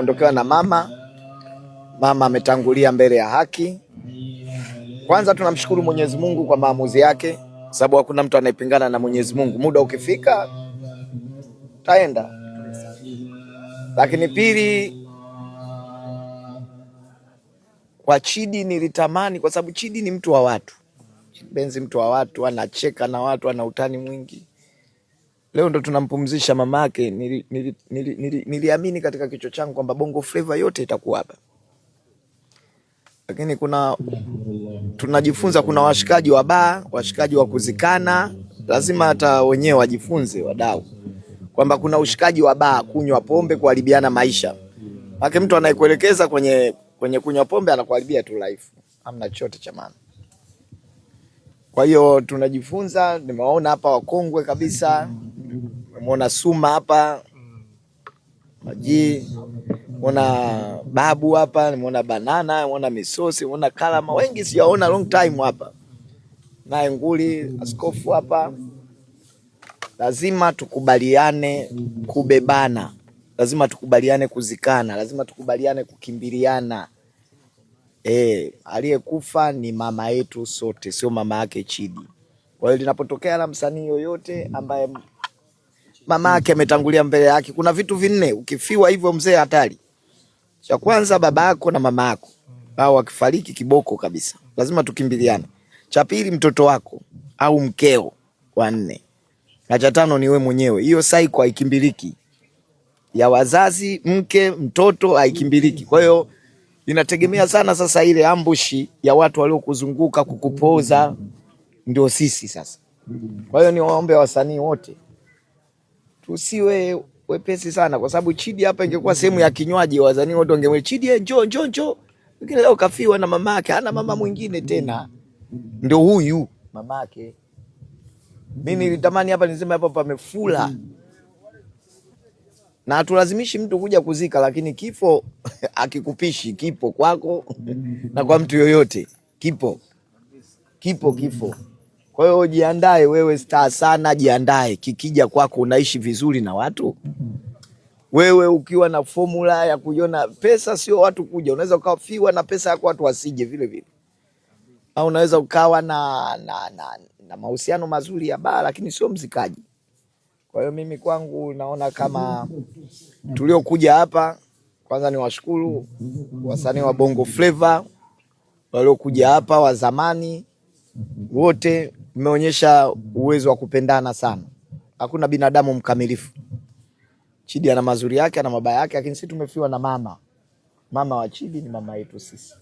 kuondokewa na mama. Mama ametangulia mbele ya haki. Kwanza tunamshukuru Mwenyezi Mungu kwa maamuzi yake, sababu hakuna mtu anayepingana na Mwenyezi Mungu. Muda ukifika taenda. Lakini pili, kwa Chidi nilitamani, kwa sababu Chidi ni mtu wa watu, Benzi mtu wa watu, anacheka na watu, ana utani mwingi leo ndo tunampumzisha mama yake. Niliamini nili, nili, nili, nili katika kichwa changu kwamba bongo fleva yote itakuwa hapa, lakini kuna tunajifunza, kuna washikaji wa baa, washikaji wa kuzikana, lazima hata wenyewe wajifunze wadau kwamba kuna ushikaji wa baa, kunywa pombe, kuharibiana maisha. Maana mtu anayekuelekeza kwenye kwenye kunywa pombe anakuharibia tu life, hamna chochote cha maana. Kwa hiyo tunajifunza, nimewaona hapa wakongwe kabisa ona Suma hapa, Maji ona Babu hapa, nimeona Banana, nimeona Misosi, nimeona Kalama, wengi siwaona long time hapa, naye nguli askofu hapa. Lazima tukubaliane kubebana, lazima tukubaliane kuzikana, lazima tukubaliane kukimbiliana. E, aliyekufa ni mama yetu sote, sio mama yake Chidi. Kwa hiyo linapotokea la msanii yoyote ambaye mama yake ametangulia mbele yake. Kuna vitu vinne ukifiwa hivyo mzee, hatari. Cha kwanza baba yako na mama yako, au akifariki kiboko kabisa, lazima tukimbiliane. Cha pili mtoto wako au mkeo wa nne, na cha tano ni we mwenyewe. Hiyo saiko haikimbiliki, ya wazazi, mke, mtoto haikimbiliki. Kwa hiyo inategemea sana sasa ile ambushi ya watu waliokuzunguka kukupoza, ndio sisi sasa. Kwa hiyo niwaombe wasanii wote usiwe wepesi sana, kwa sababu Chidi hapa ingekuwa sehemu ya kinywaji, wazani wote wangemwe Chidi, eh, njoo njoo njoo, lakini leo kafiwa na mama yake, hana mama mwingine tena, ndio huyu mama yake. Mimi nilitamani hapa niseme hapa pamefula, na hatulazimishi mtu kuja kuzika, lakini kifo akikupishi, kipo kwako na kwa mtu yoyote, kipo kipo kifo. Kwa hiyo jiandae wewe, staa sana, jiandae kikija kwako, unaishi vizuri na watu wewe ukiwa na formula ya kujiona pesa, sio watu kuja. Unaweza ukafiwa na pesa yako watu wasije vile vile, au unaweza ukawa na, na, na, na mahusiano mazuri ya baa, lakini sio mzikaji. Kwa hiyo mimi kwangu naona kama tuliokuja hapa, kwanza ni washukuru wasanii wa Bongo Flava waliokuja hapa wa zamani wote mmeonyesha uwezo wa kupendana sana. Hakuna binadamu mkamilifu. Chidi ana mazuri yake, ana mabaya yake, lakini sisi tumefiwa na mama. Mama wa Chidi ni mama yetu sisi.